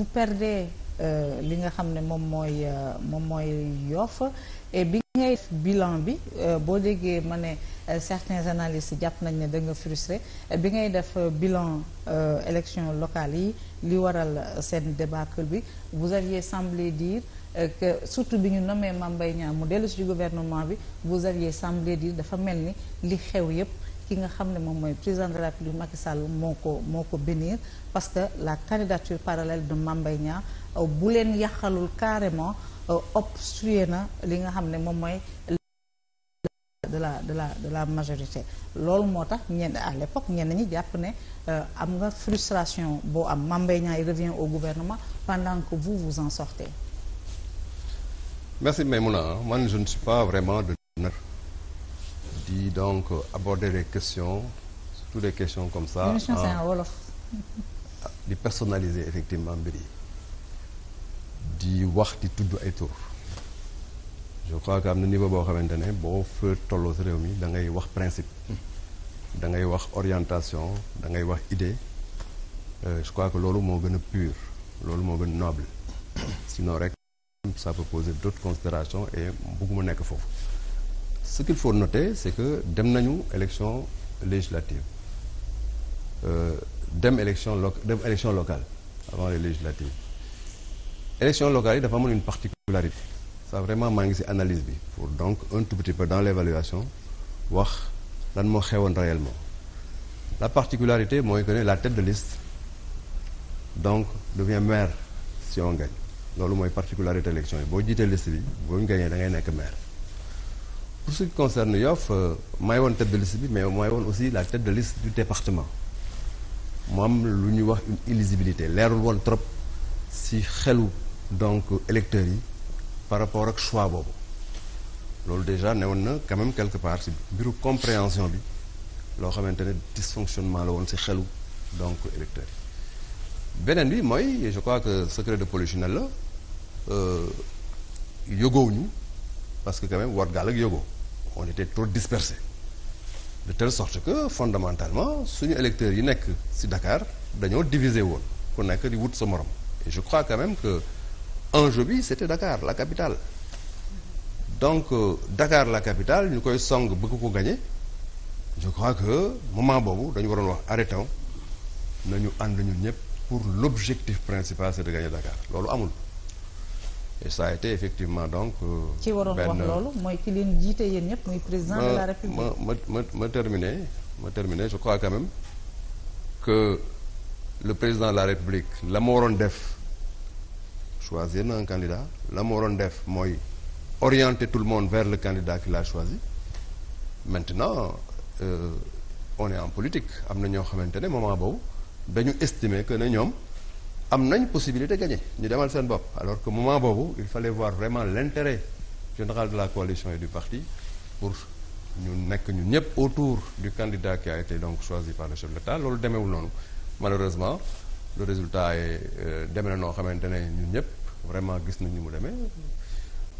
bu perdee euh, li nga xam ne moom mooy euh, moom mooy Yoff et bi ngay def bilan bi euh, boo déggee ma ne certains analystes jàpp nañ ne da nga bi ngay def bilan élection locale yi li waral seen débâcle bi vous aviez semblé dire surtout bi ñu nommé Mame Mbaye Niang mu dellusi si bi vous aviez semblé dire dafa mel ni li xew yépp ki nga xam ne moom mooy président de la République Macky Sall moo ko moo ko bénir parce que la candidature parallèle de Mame Mbaye Niang euh, bu leen yàqalul carrément euh, obstrué na li nga xam ne moom mooy de la de la de la majorité loolu moo tax ñenn à l'époque ñenn ñi jàpp ne euh, am nga frustration boo am Mame Mbaye Niang il revient au gouvernement pendant que vous vous en sortez merci Maïmouna man je ne suis pas vraiment de qui donc abordait les question toutes les question comme ça. émission ah, c'est wolof. di personnaliser effectivement mbir yi di wax di tudd ay tur. je crois que am na niveau boo xamante ne boo fa tolloo si réew mi da ngay wax principe. da ngay wax orientation da ngay wax idée. Euh, je crois que loolu moo gën a pur loolu moo gën a si sinon rek ça peut poser d'autres considérations et bëgguma nekk foofu. ce qu'il faut noter c'est que dem nañu élection législative euh, dem élection dem élection locale avant les législatives élection locale yi dafa amoon une particularité ça vraiment maa ngi ci analyse bi pour donc un tout petit peu dans l'évaluation wax lan moo xewoon réellement la particularité mooy que ne la tête de liste donc devient maire si on gagne loolu mooy particularité élection yi boo jiitee liste bi boo ñu gagnee da ngay nekk maire pour ce qui concerne Yoff euh, maay woon tête bi mais maay woon aussi la tête de liste du département mu am lu ñuy wax une éligibilité leerul woon trop si xelu donc électeurs yi par rapport ak choix boobu loolu déjà ne woon na quand même quelque part si mbiru compréhension bi loo xamante ne dysfonctionnement la woon si xelu donc électeurs yi beneen bi mooy je crois que secret de polichinelle la euh, yógoowuñu parce que quand même Wargal ak Yogo on était trop dispersés de telle sorte que fondamentalement suñu électeurs yi nekk ci dakaar dañoo diviser woon ku nekk di wut sa morom je crois que même que enjeu bi c'était dakaar la capitale donc euh, Dakar la capitale ñu koy song bëgg ko gagner je crois que moment boobu dañu waroon wax arrêtons nañu ànd ñun ñëpp pour l'objectif principal c'est de gagner loolu amul et ça a été effectivement donc. ci euh, waroon wax loolu mooy ki leen jiite yéen ñëpp muy président de la république. ma ma ma ma terminer ma je crois quand même que président la république la ma waroon def choisir na un candidat la ma waroon def mooy orienter tout le monde vers le candidat qu'il a choisi maintenant euh, en politique am na ñoo xamante ne moom a boobu dañu estimer que ne ñoom. am nañ possibilité gagner ñu demal seen bopp alors que moment boobu il fallait voir vraiment l'intérêt général de la coalition et du parti pour ñu nekk ñu ñëpp autour du candidat qui a été donc choisi par le chef de l'État loolu demeewul noonu malheureusement le résultat est euh, deme na noo xamante ne ñun ñëpp vraiment gis nañ ñu mu demee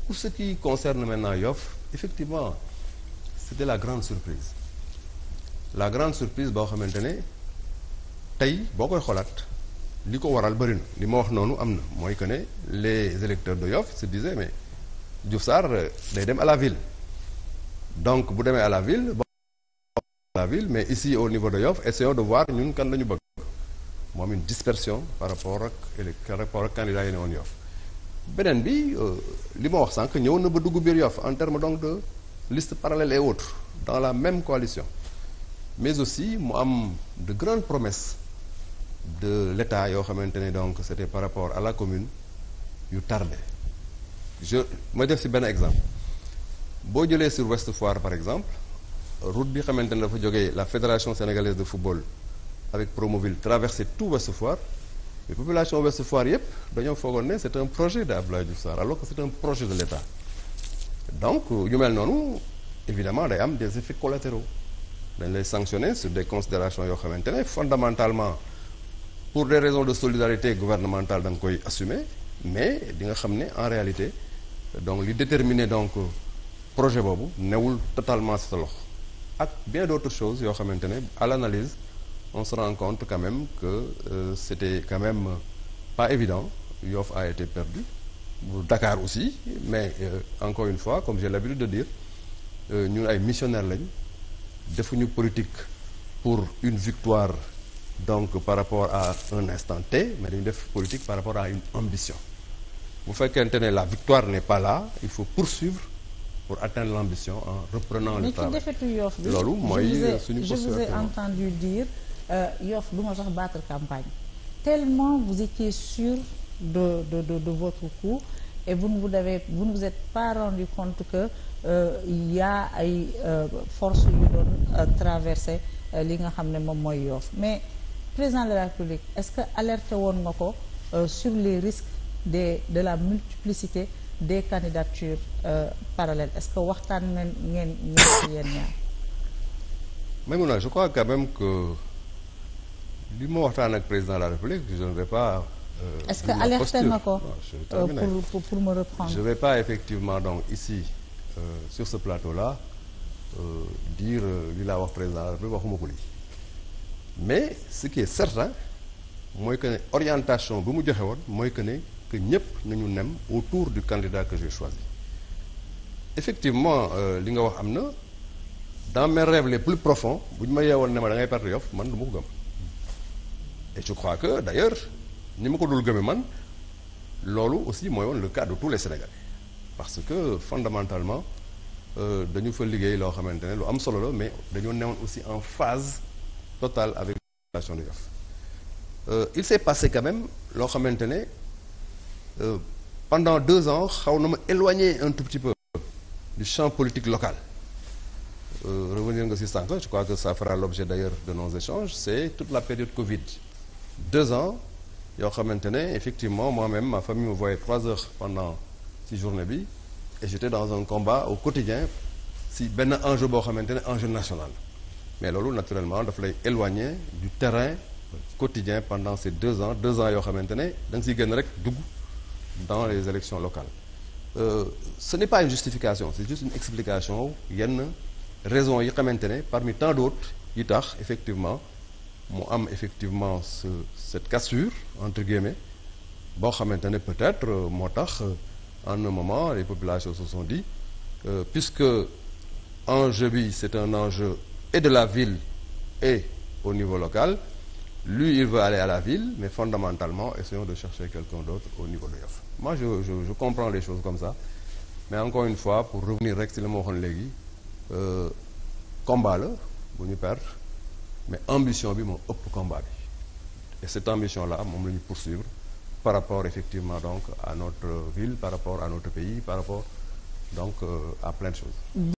pour ce qui concerne maintenant Yoff effectivement c'était la grande surprise la grande surprise boo xamante ne tey boo koy xoolaat li ko waral bëri na li ma wax noonu am na mooy que ne les électeurs de Yoff se disaient mais Diouf Sarr euh, day dem à la ville donc bu demee à la ville ba à la ville mais ici au niveau de Yoff essayons de voir ñun kan lañu bëgg mu am une dispersion par rapport ak par rapport ak candidat yi ne Yoff beneen bi euh, li ma wax sànq ñëw na ba dugg biir Yoff en terme donc de liste parallèle et autres dans la même coalition mais aussi mu am de grandes promesses de l'État yoo xamante ne donc c'était par rapport à la commune yu tardé je ma def ci benn exemple boo jëlee sur Ouest Foire par exemple route bi xamante ne dafa jógee la Fédération sénégalaise de football avec Promoville traversé tout Ouest Foire mais population Ouest Foire yëpp dañoo foogoon ne c'est un projet de Abdoulaye Diouf Sarr alors que c'est un projet de l'État donc yu mel noonu évidemment day am des effets collatéraux dañ lay sanctionner sur des considérations yoo xamante ne fondamentalement pour des raisons de solidarité gouvernementale danga koy assumer mais dinga xam ne en réalité donc li déterminer donc projet boobu newul totalement sa loxo ak bien d'autres choses yoo xamante ne à l'analyse on se rend compte que euh, c'était quand même pas évident Yoff a été perdu Dakar aussi mais euh, encore une fois comme j'ai l'habitude de dire euh, ñu ay missionnaires lañ defuñu politique pour une victoire donc par rapport à un instant ma mais dañu def politique par rapport à une ambition bu fekkente ne la victoire n'est pas là il faut poursuivre pour atteindre l'ambition en reprenant le travail mais ci defetu Yoff bi loolu mooy suñu je vous ai entendu dire euh, Yoff du ma sax battre campagne tellement vous étiez sûr de de de, de votre coup et vous ne vous avez vous ne vous êtes pas rendu compte que euh, y a ay euh, force yu doon euh, traverser li nga xam ne moom mooy Yoff mais président de la République est-ce que alerté woon nga ko euh, sur les risques des de la multiplicité des candidatures euh, parallèles est-ce que waxtaan ngeen ngeen ngeen yéen ñaar. Maïmouna je crois quand même que li ma waxtaan ak président de la République je ne vais pas. Euh, est-ce que alerté nga ko euh, pour, pour pour me reprendre. je vais pas effectivement donc ici euh, sur ce plateau là dire li laa wax président de la République waxuma ko lii. mais ce qui est certain mooy que ne orientation bi mu joxe woon mooy que ne que ñëpp nañu nem autour du candidat que j'ai choisi effectivement euh, li nga wax am na dans mes rêves les plus profonds bu ñu ma yeewoon ne ma da ngay perte Yoff man du ma ko gëm et je crois que d'ailleurs ni ma ko dul gëmee man loolu aussi mooy woon le cas de tous les Sénégalais parce que fondamentalement euh, dañu fa liggéey loo xamante ne lu am solo la mais dañoo newoon aussi en phase totale avec la de Yoff euh, il s'est passé quand même loo xamante ne euh, pendant deux ans xaw na ma éloigner un tout petit peu du champ politique local euh, revenir nga si sànq je crois que ça fera l'objet d'ailleurs de nos échanges c'est toute la période Covid deux ans yoo xamante ne effectivement moi-même ma famille me voyait trois heures pendant ci journée bi et j'étais dans un combat au quotidien si benn enjeu boo xamante ne enjeu national mais loolu naturellement daf lay éloigner du terrain quotidien pendant ces deux ans deux ans yoo xamante ne da nga siy génn rek dugg dans les élections locales euh, ce n'est pas une justification c'est juste une explication yenn raison yi xamante ne parmi tant d'autres yi tax effectivement mu am effectivement ce cette cassure entre guillemets boo xamante ne peut-être euh, moo tax euh, en un moment les populations se sont dit euh, puisque enjeu bi c'est un enjeu et de la ville et au niveau local lui il veut aller à la ville mais fondamentalement essayons de chercher quelqu'un d'autre au niveau de Yoff moi je, comprends les choses comme ça mais encore une fois pour revenir rek si la ma waxoon léegi euh, combat la bu perdre mais ambition bi moo ëpp combat bi et cette ambition là moom la ñu poursuivre par rapport effectivement donc à notre ville par rapport à notre pays par rapport donc euh, à plein de choses